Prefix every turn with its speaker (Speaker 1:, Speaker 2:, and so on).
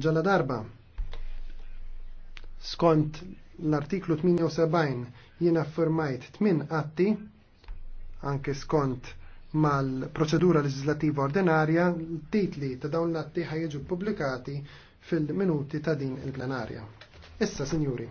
Speaker 1: Ġala darba, skont l-artiklu 78 jien affirmajt tmin atti, anke skont mal-proċedura leġislativa ordinarja, titli ta' dawn l-atti ħajġu pubblikati fil-minuti ta' din il-plenarja. Issa, sinjuri.